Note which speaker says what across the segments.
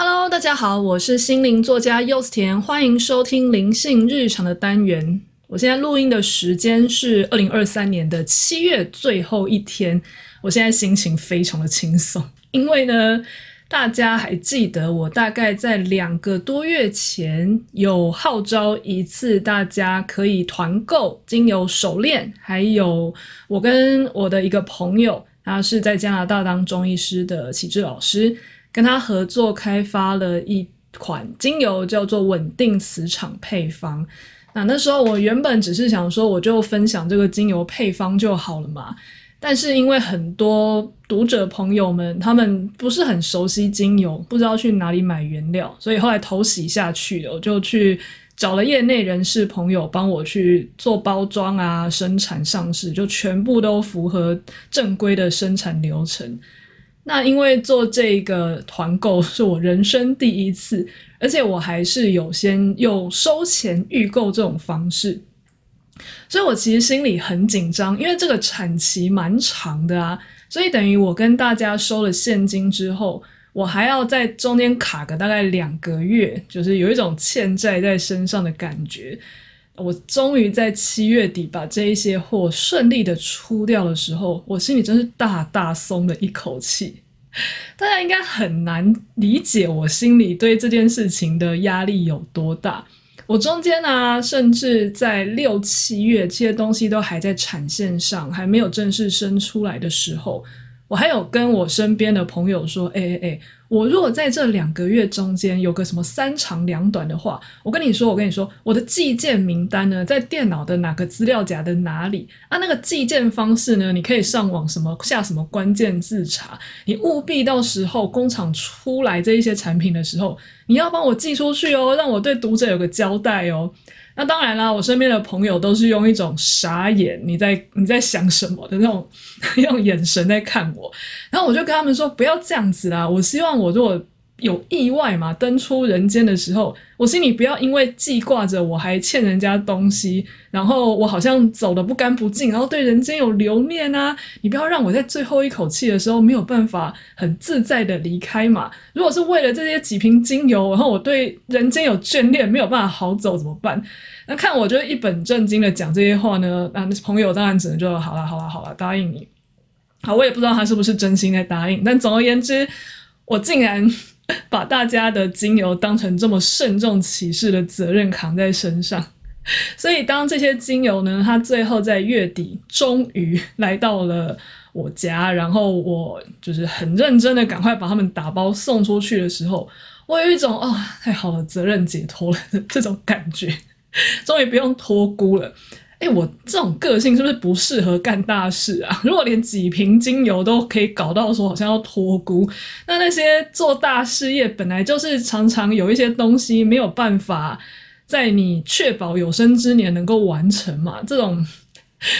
Speaker 1: Hello，大家好，我是心靈作家柚子甜，歡迎收聽靈性日常的單元。我現在錄音的時間是二零二三年的七月最後一天，我現在心情非常的輕鬆，因為呢，大家還記得我大概在兩個多月前有號召一次，大家可以團購精油手鏈，還有我跟我的一個朋友，他是在加拿大當中醫師的啟智老師。跟他合作開發了一款精油，叫做穩定磁場配方。那那時候我原本只是想說，我就分享這個精油配方就好了嘛。但是因為很多讀者朋友們他們不是很熟悉精油，不知道去哪裡買原料，所以後來頭洗下去了，我就去找了業內人士朋友幫我去做包裝啊、生產上市，就全部都符合正規的生產流程。那因為做這個團購是我人生第一次，而且我還是有先用收錢預購這種方式，所以我其實心裡很緊張，因為這個產期蠻長的啊，所以等於我跟大家收了現金之後，我還要在中間卡個大概兩個月，就是有一種欠債在身上的感覺。我終於在七月底把這一些貨順利的出掉的時候，我心裡真是大大鬆了一口氣。大家應該很難理解我心裡對這件事情的壓力有多大。我中間呢、啊，甚至在六七月這些東西都還在產線上，還沒有正式生出來的時候。我還有跟我身邊的朋友說，哎哎哎，我如果在這兩個月中間有個什麼三長兩短的話，我跟你說，我跟你說，我的寄件名單呢，在電腦的哪個資料夾的哪裡？啊，那個寄件方式呢，你可以上網什麼下什麼關鍵字查。你務必到時候工廠出來這一些產品的時候，你要幫我寄出去哦，讓我對讀者有個交代哦。那當然啦，我身邊的朋友都是用一種傻眼，你在你在想什麼的那種，那種眼神在看我，然後我就跟他們說，不要這樣子啦，我希望我如果。有意外嘛，登出人間的時候，我心裡不要因為記掛着我還欠人家東西，然後我好像走得不乾不淨，然後對人間有留念啊！你不要讓我在最後一口氣的時候沒有辦法很自在的離開嘛！如果是為了這些幾瓶精油，然後我對人間有眷戀，沒有辦法好走怎麼辦？那看我就一本正經的講這些話呢，啊，那朋友當然只能就好了，好了，好了，答應你。好，我也不知道他是不是真心在答應，但總而言之，我竟然。把大家的精油當成這麼慎重其事的責任扛在身上，所以當這些精油呢，它最後在月底終於來到了我家，然後我就是很認真的趕快把它們打包送出去的時候，我有一種哦太好了，責任解脫了這種感覺，終於不用託孤了。哎，我這種個性是不是不適合幹大事啊？如果連幾瓶精油都可以搞到說好像要托孤，那那些做大事業本來就是常常有一些東西沒有辦法在你確保有生之年能夠完成嘛。這種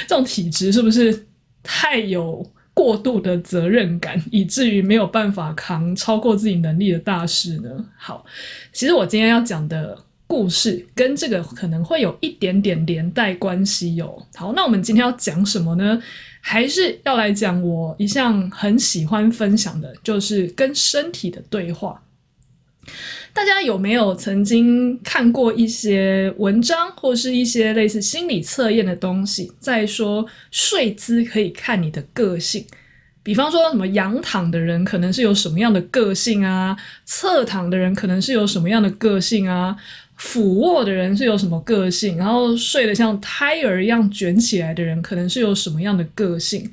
Speaker 1: 這種體質是不是太有過度的責任感，以至於沒有辦法扛超過自己能力的大事呢？好，其實我今天要講的。故事跟這個可能會有一點點連帶關係喲、哦。好，那我們今天要講什麼呢？還是要來講我一向很喜歡分享的，就是跟身體的對話。大家有沒有曾經看過一些文章，或是一些類似心理測驗的東西，在說睡姿可以看你的個性。比方說什麼仰躺的人可能是有什麼樣的個性啊，側躺的人可能是有什麼樣的個性啊。俯臥的人是有什麼個性？然後睡得像胎兒一樣卷起來的人，可能是有什麼樣的個性？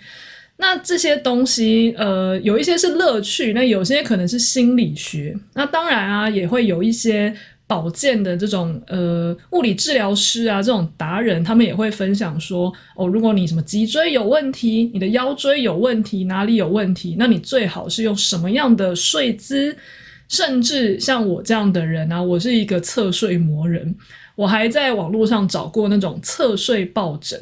Speaker 1: 那這些東西，呃，有一些是樂趣，那有些可能是心理學。那當然啊，也會有一些保健的這種，呃，物理治療師啊，這種達人，他們也會分享說，哦，如果你什麼脊椎有問題，你的腰椎有問題，哪裡有問題，那你最好是用什麼樣的睡姿？甚至像我這樣的人啊，我是一個側睡魔人，我還在網絡上找過那種側睡抱枕，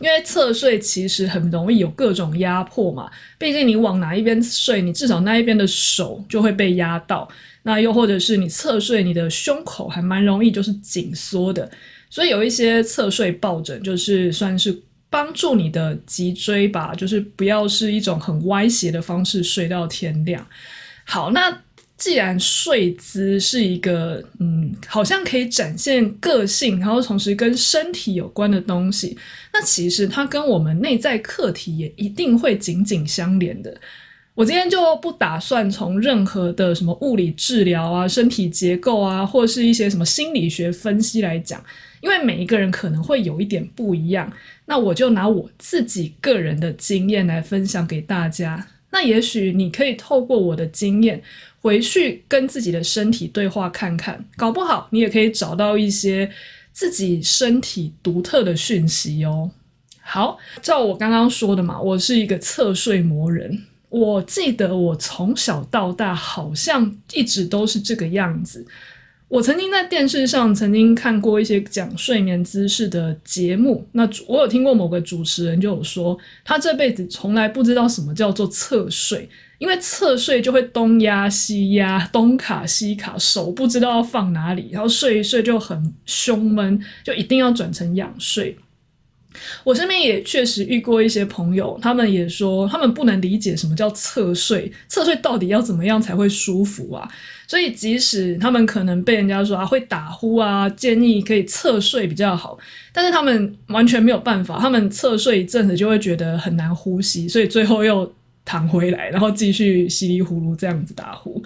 Speaker 1: 因為側睡其實很容易有各種壓迫嘛，畢竟你往哪一邊睡，你至少那一邊的手就會被壓到，那又或者是你側睡，你的胸口還蠻容易就是緊縮的，所以有一些側睡抱枕就是算是幫助你的脊椎吧，就是不要是一種很歪斜的方式睡到天亮。好，那。既然睡姿是一個嗯，好像可以展現個性，然後同時跟身體有關的東西，那其實它跟我們內在課題也一定會緊緊相連的。我今天就不打算從任何的什麼物理治療啊、身體結構啊，或者是一些什麼心理學分析來講，因為每一個人可能會有一點不一樣。那我就拿我自己個人的經驗來分享給大家。那也許你可以透過我的經驗。回去跟自己的身體對話看看，搞不好你也可以找到一些自己身體獨特的訊息哦。好，照我剛剛說的嘛，我是一個側睡魔人。我記得我從小到大好像一直都是這個樣子。我曾經在電視上曾經看過一些講睡眠姿勢的節目，那主我有聽過某個主持人就有說，他這輩子從來不知道什麼叫做側睡。因為側睡就會東壓西壓，東卡西卡，手不知道要放哪裡，然後睡一睡就很胸悶，就一定要轉成仰睡。我身邊也確實遇過一些朋友，他們也說他們不能理解什麼叫側睡，側睡到底要怎麼樣才會舒服啊？所以即使他們可能被人家說啊會打呼啊，建議可以側睡比較好，但是他們完全沒有辦法，他們側睡一陣子就會覺得很難呼吸，所以最後又……躺回來，然後繼續稀里糊塗這樣子打呼。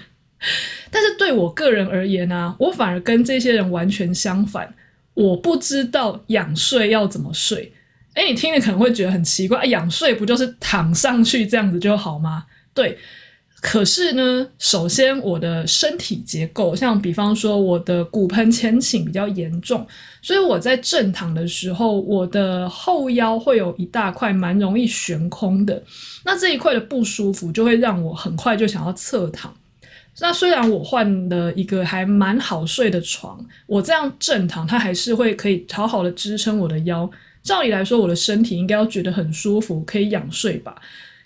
Speaker 1: 但是對我個人而言呢、啊，我反而跟這些人完全相反。我不知道仰睡要怎麼睡。哎，你聽了可能會覺得很奇怪，仰睡不就是躺上去這樣子就好嗎？對。可是呢，首先我的身體結構像，比方說我的骨盆前傾比較嚴重，所以我在正躺的時候，我的後腰會有一大塊蠻容易懸空的。那這一塊的不舒服就會讓我很快就想要側躺。那雖然我換了一個還蠻好睡的床，我這樣正躺，它還是會可以好好的支撐我的腰。照理來說，我的身體應該要覺得很舒服，可以仰睡吧。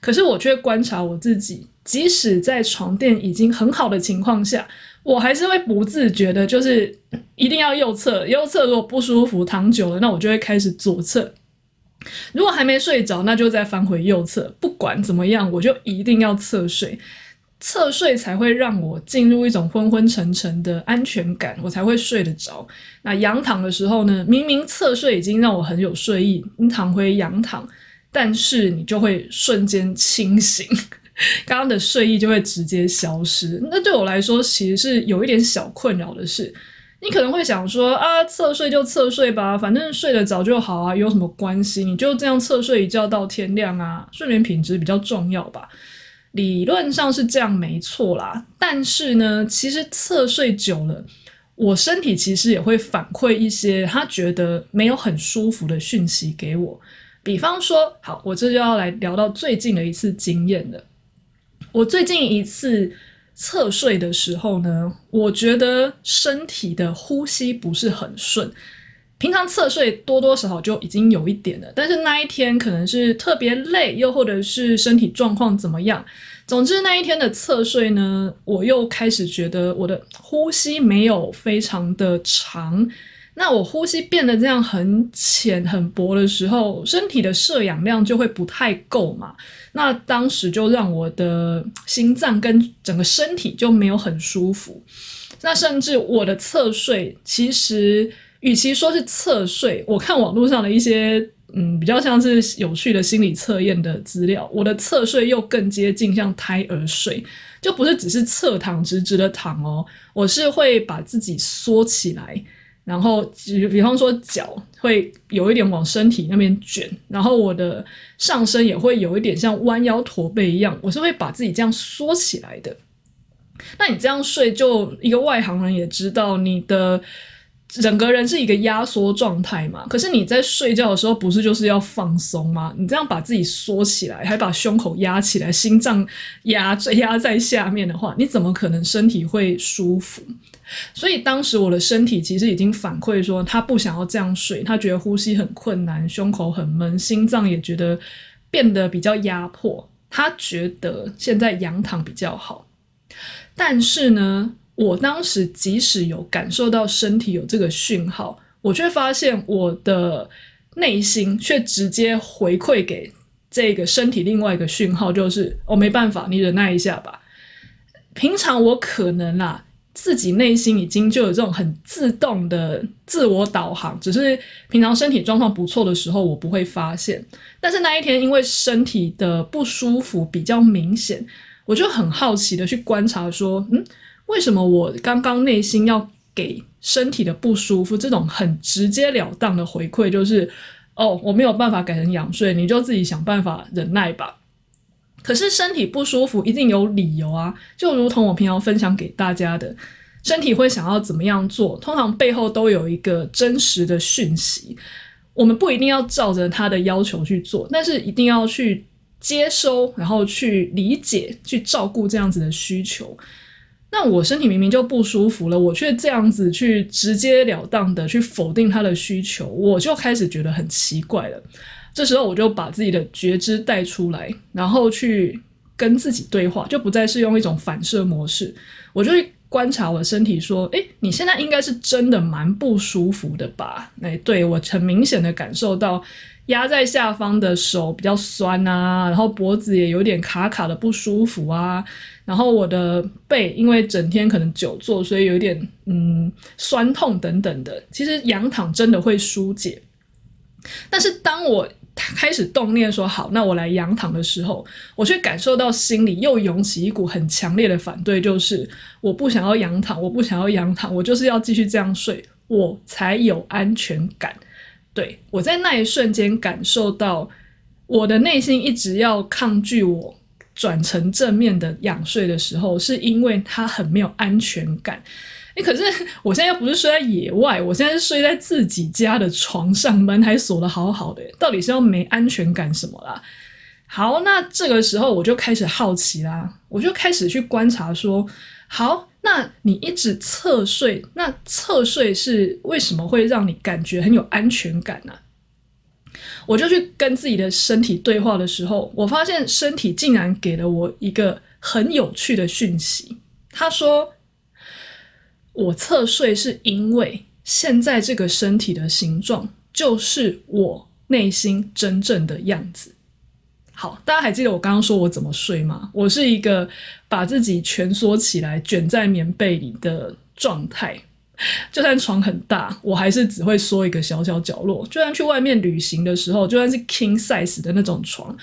Speaker 1: 可是我卻觀察我自己，即使在床墊已經很好的情況下，我還是會不自覺的，就是一定要右側，右側如果不舒服，躺久了，那我就會開始左側。如果還沒睡着，那就再翻回右側。不管怎麼樣，我就一定要側睡，側睡才會讓我進入一種昏昏沉沉的安全感，我才會睡得着。那仰躺的時候呢，明明側睡已經讓我很有睡意，你躺回仰躺，但是你就會瞬間清醒，剛剛的睡意就會直接消失。那對我來說，其實是有一點小困擾的事。你可能會想說啊，側睡就側睡吧，反正睡得早就好啊，有什麼關係？你就這樣側睡一覺到天亮啊，睡眠品質比較重要吧？理論上是這樣沒錯啦。但是呢，其實側睡久了，我身體其實也會反饋一些他覺得沒有很舒服的訊息給我。比方說，好，我這就要來聊到最近的一次經驗了。我最近一次側睡的時候呢，我覺得身體的呼吸不是很順。平常側睡多多少少就已經有一點了，但是那一天可能是特別累，又或者是身體狀況怎麼樣。總之那一天的側睡呢，我又開始覺得我的呼吸沒有非常的長。那我呼吸變得這樣很淺很薄的時候，身體的攝氧量就會不太夠嘛。那當時就讓我的心臟跟整個身體就沒有很舒服。那甚至我的側睡，其實與其說是側睡，我看網絡上的一些嗯比較像是有趣的心理測驗的資料，我的側睡又更接近像胎兒睡，就不是只是側躺直直的躺哦、喔，我是會把自己縮起來。然後比方說，腳會有一點往身體那邊捲，然後我的上身也會有一點像彎腰駝背一樣，我是會把自己這樣縮起來的。那你這樣睡就，就一個外行人也知道，你的整個人是一個壓縮狀態嘛。可是你在睡覺的時候，不是就是要放鬆嗎？你這樣把自己縮起來，還把胸口壓起來，心臟壓着壓在下面的話，你怎麼可能身體會舒服？所以當時我的身體其實已經反饋說，他不想要這樣睡，他覺得呼吸很困難，胸口很悶，心臟也覺得變得比較壓迫。他覺得現在仰躺比較好，但是呢，我當時即使有感受到身體有這個訊號，我卻發現我的內心卻直接回饋給這個身體另外一個訊號，就是我、哦、沒辦法，你忍耐一下吧。平常我可能啦、啊。自己內心已經就有這種很自動的自我導航，只是平常身體狀況不錯的時候，我不會發現。但是那一天因為身體的不舒服比較明顯，我就很好奇的去觀察，說，嗯，為什麼我剛剛內心要給身體的不舒服這種很直截了當的回饋，就是，哦，我沒有辦法改成仰睡，你就自己想辦法忍耐吧。可是身體不舒服一定有理由啊，就如同我平常分享給大家的，身體會想要怎麼樣做，通常背後都有一個真實的訊息。我們不一定要照着他的要求去做，但是一定要去接收，然後去理解，去照顧這樣子的需求。那我身體明明就不舒服了，我卻這樣子去直截了當的去否定他的需求，我就開始覺得很奇怪了。這時候我就把自己的覺知帶出來，然後去跟自己對話，就不再是用一種反射模式。我就去觀察我的身體，說：“誒，你現在應該是真的蠻不舒服的吧？”誒，對，我很明顯的感受到，壓在下方的手比較酸啊，然後脖子也有點卡卡的不舒服啊，然後我的背因為整天可能久坐，所以有點嗯酸痛等等的。其實仰躺真的會疏解，但是當我，他開始動念說好，那我來仰躺的時候，我卻感受到心裡又湧起一股很強烈的反對，就是我不想要仰躺，我不想要仰躺，我就是要繼續這樣睡，我才有安全感。對，我在那一瞬間感受到，我的內心一直要抗拒我。轉成正面的仰睡的時候，是因為他很沒有安全感。欸，可是我現在又不是睡在野外，我現在是睡在自己家的床上，門還鎖得好好的，到底是要沒安全感什麼啦？好，那這個時候我就開始好奇啦，我就開始去觀察說，好，那你一直側睡，那側睡是為什麼會讓你感覺很有安全感呢？啊？我就去跟自己的身體對話的時候，我發現身體竟然給了我一個很有趣的訊息。他說：“我側睡是因為現在這個身體的形狀就是我內心真正的樣子。”好，大家還記得我剛剛說我怎麼睡嗎？我是一個把自己蜷縮起來、卷在棉被裡的狀態。就算床很大，我還是只會縮一個小小角落。就算去外面旅行的時候，就算是 King size 的那種床，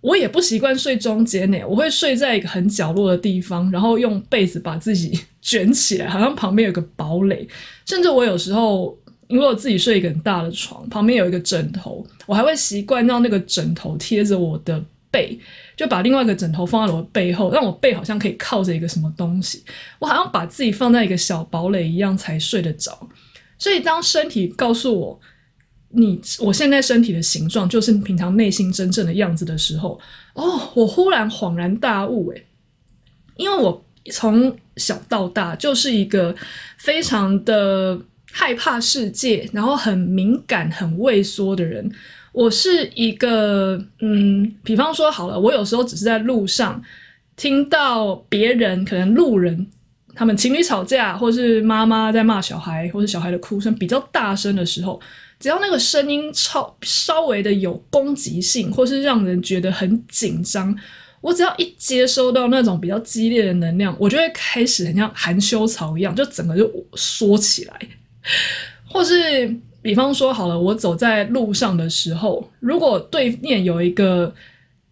Speaker 1: 我也不習慣睡中間耶。我會睡在一個很角落的地方，然後用被子把自己捲起來，好像旁邊有個堡壘。甚至我有時候，因為我自己睡一個很大的床，旁邊有一個枕頭，我還會習慣讓那個枕頭貼着我的背。就把另外一個枕頭放在我的背後，讓我背好像可以靠着一個什麼東西，我好像把自己放在一個小堡壘一樣才睡得着。所以當身體告訴我，你我現在身體的形狀就是平常內心真正的樣子的時候，哦，我忽然恍然大悟。誒，因為我從小到大就是一個非常的害怕世界，然後很敏感、很畏縮的人。我是一個，嗯，比方說好了，我有時候只是在路上聽到別人，可能路人他們情侶吵架，或是媽媽在罵小孩，或是小孩的哭聲比較大聲的時候，只要那個聲音超稍微的有攻擊性，或是讓人覺得很緊張，我只要一接收到那種比較激烈的能量，我就會開始很像含羞草一樣，就整個就縮起來，或是。比方說好了，我走在路上的時候，如果對面有一個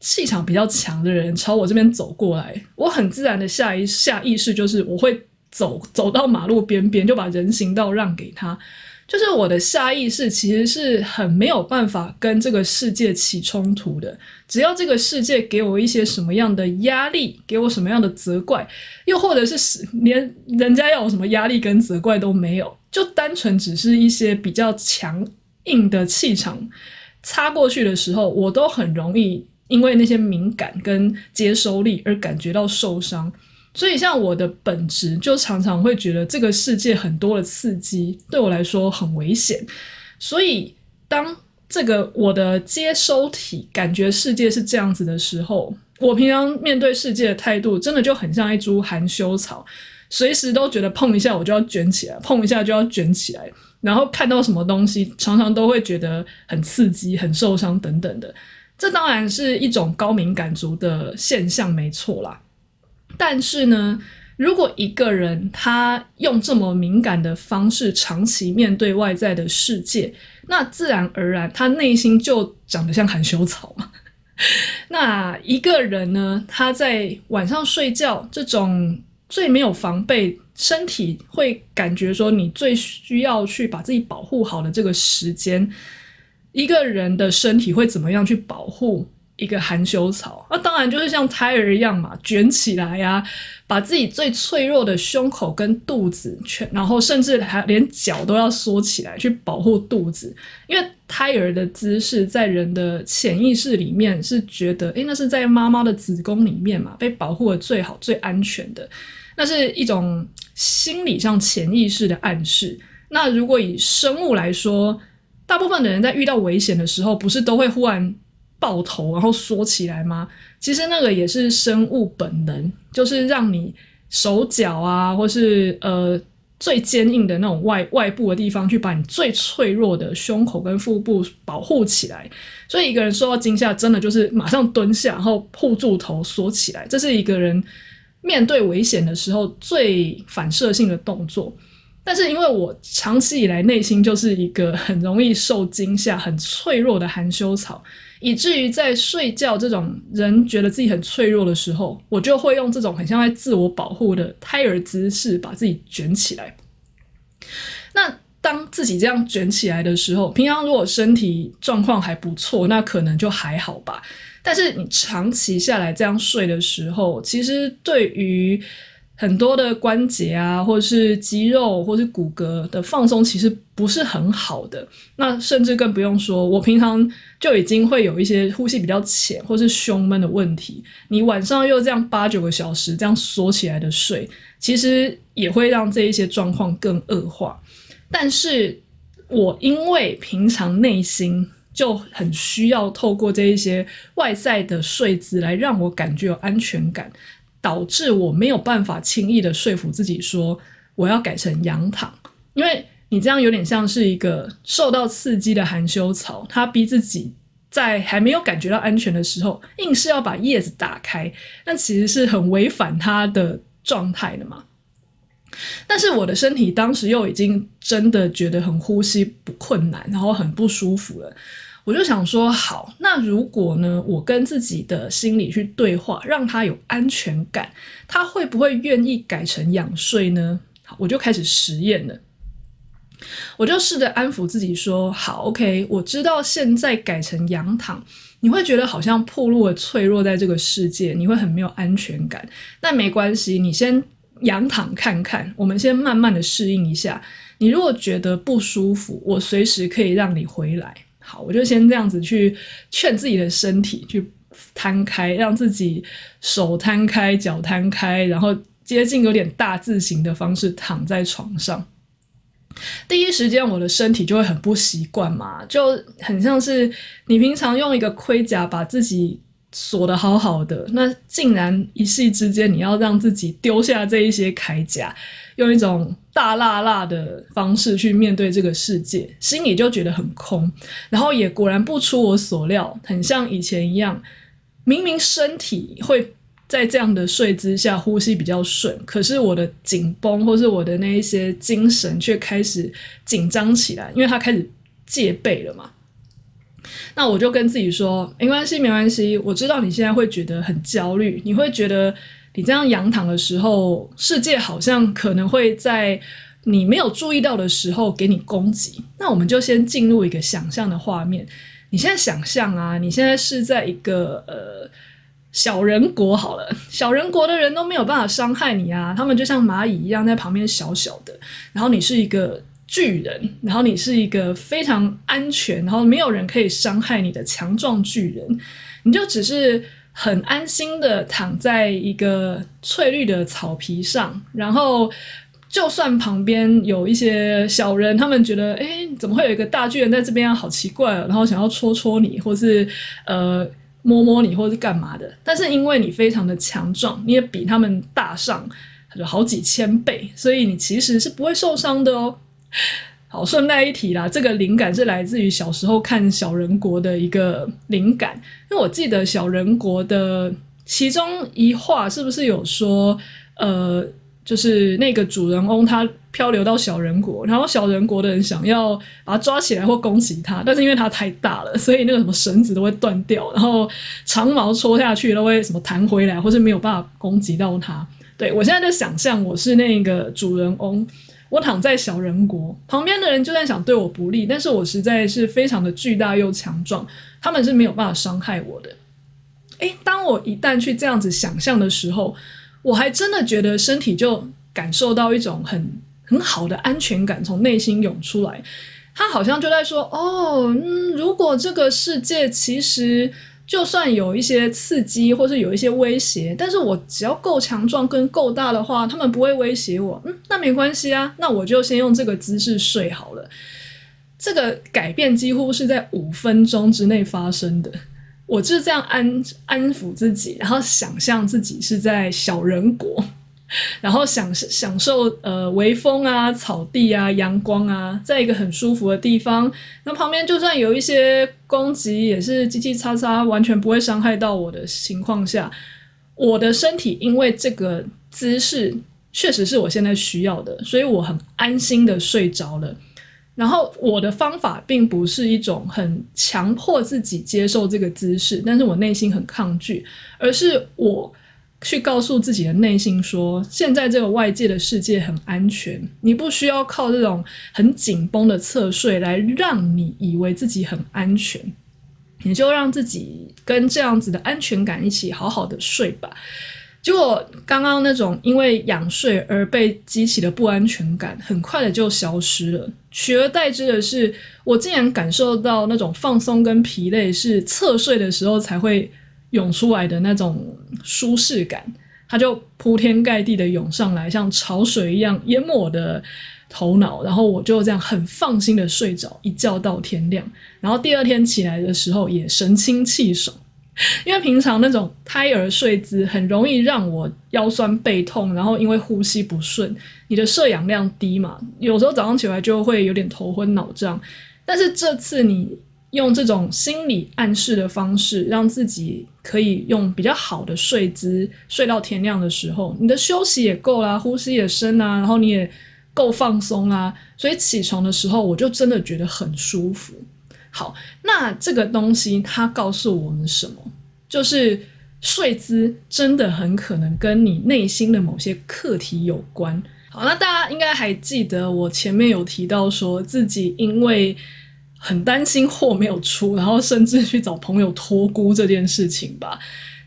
Speaker 1: 氣場比較強的人朝我這邊走過來，我很自然的下一下意識，就是我會走走到馬路邊邊，就把人行道讓給他。就是我的下意識其實是很沒有辦法跟這個世界起衝突的。只要這個世界給我一些什麼樣的壓力，給我什麼樣的責怪，又或者是連人家要我什麼壓力跟責怪都沒有，就單純只是一些比較強硬的氣場擦過去的時候，我都很容易因為那些敏感跟接收力而感覺到受傷。所以，像我的本質，就常常會覺得這個世界很多的刺激對我來說很危險。所以，當這個我的接收體感覺世界是這樣子的時候，我平常面對世界的態度，真的就很像一株含羞草，隨時都覺得碰一下我就要捲起來，碰一下就要捲起來。然後看到什麼東西，常常都會覺得很刺激、很受傷等等的。這當然是一種高敏感族的現象，沒錯啦。但是呢，如果一個人他用這麼敏感的方式長期面對外在的世界，那自然而然他內心就長得像含羞草嘛。 那一個人呢，他在晚上睡覺這種最沒有防備，身體會感覺說你最需要去把自己保護好的這個時間，一個人的身體會怎麼樣去保護？一個含羞草，那、啊、當然就是像胎兒一樣嘛，捲起來呀、啊，把自己最脆弱的胸口跟肚子捲，然後甚至還連腳都要縮起來去保護肚子，因為胎兒的姿勢在人的潛意識裡面是覺得，哎，那是在媽媽的子宮裡面嘛，被保護的最好、最安全的，那是一種心理上潛意識的暗示。那如果以生物來說，大部分的人在遇到危險的時候，不是都會忽然。抱頭然後縮起來嗎？其實那個也是生物本能，就是讓你手腳啊，或是呃最堅硬的那種外外部的地方，去把你最脆弱的胸口跟腹部保護起來。所以一個人受到驚嚇，真的就是馬上蹲下，然後護住頭縮起來，這是一個人面對危險的時候最反射性的動作。但是因為我長期以來內心就是一個很容易受驚嚇、很脆弱的含羞草。以至於在睡覺這種人覺得自己很脆弱的時候，我就會用這種很像在自我保護的胎兒姿勢把自己捲起來。那當自己這樣捲起來的時候，平常如果身體狀況還不錯，那可能就還好吧。但是你長期下來這樣睡的時候，其實對於……很多的關節啊，或者是肌肉，或者是骨骼的放鬆，其實不是很好的。那甚至更不用說，我平常就已經會有一些呼吸比較淺，或者是胸悶的問題。你晚上又這樣八九個小時這樣縮起來的睡，其實也會讓這一些狀況更惡化。但是我因為平常內心就很需要透過這一些外在的睡姿來讓我感覺有安全感。導致我沒有辦法輕易的說服自己說，我要改成仰躺，因為你這樣有點像是一個受到刺激的含羞草，他逼自己在還沒有感覺到安全的時候，硬是要把葉子打開，那其實是很違反他的狀態的嘛。但是我的身體當時又已經真的覺得很呼吸不困難，然後很不舒服了。我就想說，好，那如果呢？我跟自己的心理去對話，讓他有安全感，他會不會願意改成仰睡呢？好，我就開始實驗了。我就試着安撫自己說，好，OK，我知道現在改成仰躺，你會覺得好像暴露了脆弱，在這個世界，你會很沒有安全感。那沒關係，你先仰躺看看，我們先慢慢的適應一下。你如果覺得不舒服，我隨時可以讓你回來。好，我就先這樣子去勸自己的身體去攤開，讓自己手攤開、腳攤開，然後接近有點大字形的方式躺在床上。第一時間，我的身體就會很不習慣嘛，就很像是你平常用一個盔甲把自己。鎖得好好的，那竟然一夕之間，你要讓自己丟下這一些鎧甲，用一種大辣辣的方式去面對這個世界，心裡就覺得很空。然後也果然不出我所料，很像以前一樣，明明身體會在這樣的睡姿下呼吸比較順，可是我的緊繃或是我的那一些精神卻開始緊張起來，因為它開始戒備了嘛。那我就跟自己說，沒關係，沒關係。我知道你現在會覺得很焦慮，你會覺得你這樣仰躺的時候，世界好像可能會在你沒有注意到的時候給你攻擊。那我們就先進入一個想象的畫面。你現在想象啊，你現在是在一個呃小人國好了，小人國的人都沒有辦法傷害你啊，他們就像螞蟻一樣在旁邊小小的，然後你是一個。巨人，然後你是一個非常安全，然後沒有人可以傷害你的強壯巨人，你就只是很安心的躺在一個翠綠的草皮上，然後就算旁邊有一些小人，他們覺得哎，怎麼會有一個大巨人在這邊啊，好奇怪哦，然後想要戳戳你，或是呃摸摸你，或是幹嘛的，但是因為你非常的強壯，你也比他們大上就好幾千倍，所以你其實是不會受傷的哦。好，順帶一提啦，這個靈感是來自於小時候看《小人國》的一個靈感，因為我記得《小人國》的其中一話是不是有說，呃，就是那個主人翁他漂流到小人國，然後小人國的人想要把他抓起來或攻擊他，但是因為他太大了，所以那個什麼繩子都會斷掉，然後長矛戳下去都會什麼彈回來，或是沒有辦法攻擊到他。對，我現在就想象我是那個主人翁。我躺在小人國，旁邊的人就在想對我不利，但是我實在是非常的巨大又強壯，他們是沒有辦法傷害我的。誒、欸，當我一旦去這樣子想象的時候，我還真的覺得身體就感受到一種很很好的安全感從內心湧出來。他好像就在說：“哦、嗯，如果這個世界其實……”就算有一些刺激，或是有一些威脅，但是我只要夠強壯跟夠大的話，他們不會威脅我。嗯，那沒關係啊，那我就先用這個姿勢睡好了。這個改變幾乎是在五分鐘之內發生的。我就是這樣安安撫自己，然後想象自己是在小人國。然後享享受呃微風啊、草地啊、陽光啊，在一個很舒服的地方，那旁邊就算有一些攻擊也是嘰嘰喳喳，完全不會傷害到我的情況下，我的身體因為這個姿勢確實是我現在需要的，所以我很安心地睡着了。然後我的方法並不是一種很強迫自己接受這個姿勢，但是我內心很抗拒，而是我。去告訴自己的內心說：“現在這個外界的世界很安全，你不需要靠這種很緊繃的側睡來讓你以為自己很安全，你就讓自己跟這樣子的安全感一起好好的睡吧。”結果剛剛那種因為仰睡而被激起的不安全感，很快的就消失了，取而代之的是，我竟然感受到那種放鬆跟疲累是側睡的時候才會湧出來的那種舒適感，它就鋪天蓋地的湧上來，像潮水一樣淹沒我的頭腦，然後我就這樣很放心的睡着，一覺到天亮。然後第二天起來的時候也神清氣爽，因為平常那種胎兒睡姿很容易讓我腰痠背痛，然後因為呼吸不順，你的攝氧量低嘛，有時候早上起來就會有點頭昏腦脹。但是這次你，用這種心理暗示的方式，讓自己可以用比較好的睡姿睡到天亮的時候，你的休息也夠啦，呼吸也深啦，然後你也夠放鬆啊，所以起床的時候我就真的覺得很舒服。好，那這個東西它告訴我們什麼？就是睡姿真的很可能跟你內心的某些課題有關。好，那大家應該還記得我前面有提到說自己因為。很擔心貨沒有出，然後甚至去找朋友托孤這件事情吧，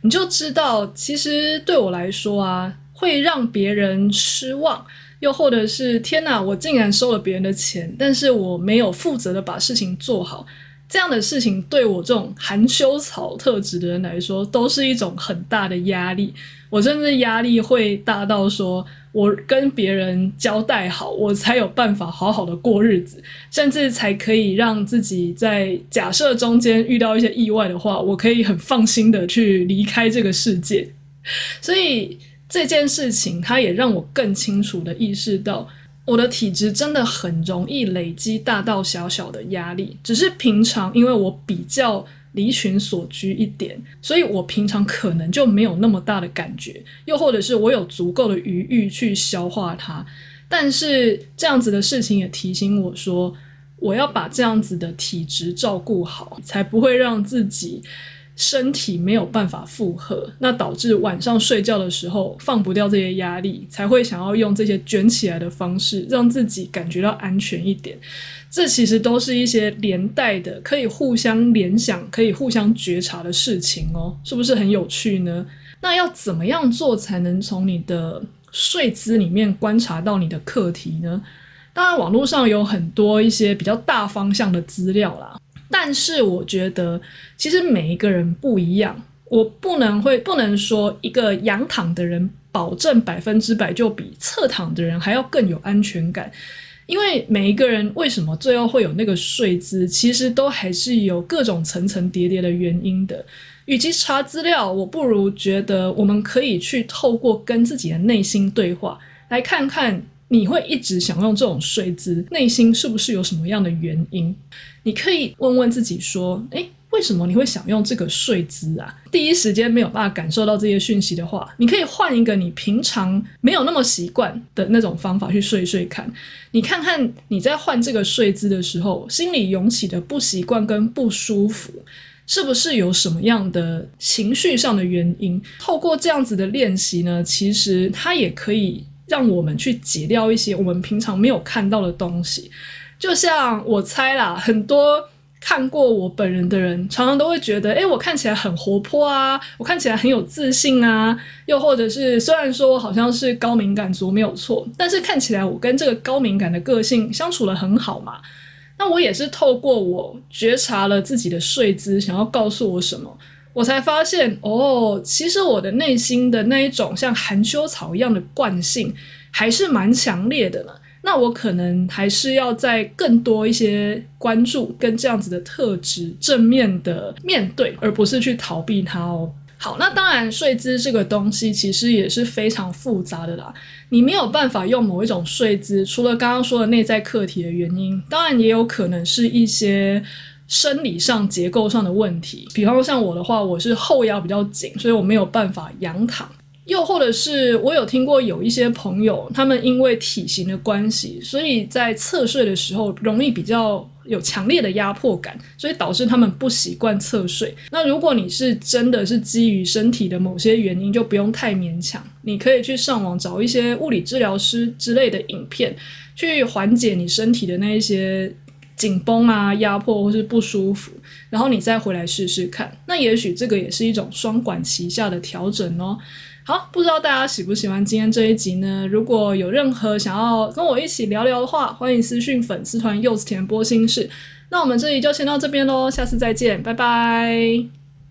Speaker 1: 你就知道，其實對我來說啊，會讓別人失望，又或者是天哪，我竟然收了別人的錢，但是我沒有負責的把事情做好，這樣的事情對我這種含羞草特質的人來說，都是一種很大的壓力，我甚至壓力會大到說。我跟別人交代好，我才有辦法好好的過日子，甚至才可以讓自己在假設中間遇到一些意外的話，我可以很放心的去離開這個世界。所以這件事情，它也讓我更清楚的意識到，我的體質真的很容易累積大大小小的壓力，只是平常因為我比較。離群索居一點，所以我平常可能就沒有那麼大的感覺，又或者是我有足夠的餘裕去消化它。但是這樣子的事情也提醒我說，我要把這樣子的體質照顧好，才不會讓自己。身體沒有辦法負荷，那導致晚上睡覺的時候放不掉這些壓力，才會想要用這些捲起來的方式讓自己感覺到安全一點。這其實都是一些連帶的，可以互相聯想、可以互相覺察的事情哦，是不是很有趣呢？那要怎麼樣做才能從你的睡姿裡面觀察到你的課題呢？當然，網絡上有很多一些比較大方向的資料啦。但是我覺得，其實每一個人不一樣，我不能會不能說一個仰躺的人保證百分之百就比側躺的人還要更有安全感，因為每一個人為什麼最後會有那個睡姿，其實都還是有各種層層疊疊的原因的。與其查資料，我不如覺得我們可以去透過跟自己的內心對話，來看看。你會一直想用這種睡姿，內心是不是有什麼樣的原因？你可以問問自己說：“誒，為什麼你會想用這個睡姿啊？”第一時間沒有辦法感受到這些訊息的話，你可以換一個你平常沒有那麼習慣的那種方法去睡睡看。你看看你在換這個睡姿的時候，心裡湧起的不習慣跟不舒服，是不是有什麼樣的情緒上的原因？透過這樣子的練習呢，其實它也可以。讓我們去解掉一些我們平常沒有看到的東西，就像我猜啦，很多看過我本人的人，常常都會覺得，誒，我看起來很活潑啊，我看起來很有自信啊，又或者是雖然說好像是高敏感族沒有錯，但是看起來我跟這個高敏感的個性相處得很好嘛，那我也是透過我覺察了自己的睡姿，想要告訴我什麼。我才發現哦，其實我的內心的那一種像含羞草一樣的慣性還是蠻強烈的呢。那我可能還是要再更多一些關注，跟這樣子的特質正面的面對，而不是去逃避它哦。好，那當然睡姿這個東西其實也是非常複雜的啦。你沒有辦法用某一種睡姿，除了剛剛說的內在課題的原因，當然也有可能是一些。生理上、結構上的問題，比方說像我的話，我是後腰比較緊，所以我沒有辦法仰躺；又或者是我有聽過有一些朋友，他們因為體型的關係，所以在側睡的時候容易比較有強烈的壓迫感，所以導致他們不習慣側睡。那如果你是真的是基於身體的某些原因，就不用太勉強，你可以去上網找一些物理治療師之類的影片，去緩解你身體的那一些，緊繃啊，壓迫或是不舒服，然後你再回來試試看，那也許這個也是一種雙管齊下的調整哦。好，不知道大家喜不喜歡今天這一集呢？如果有任何想要跟我一起聊聊的話，歡迎私訊粉絲團柚子甜剝心事。那我們這裡就先到這邊嘍，下次再見，拜拜。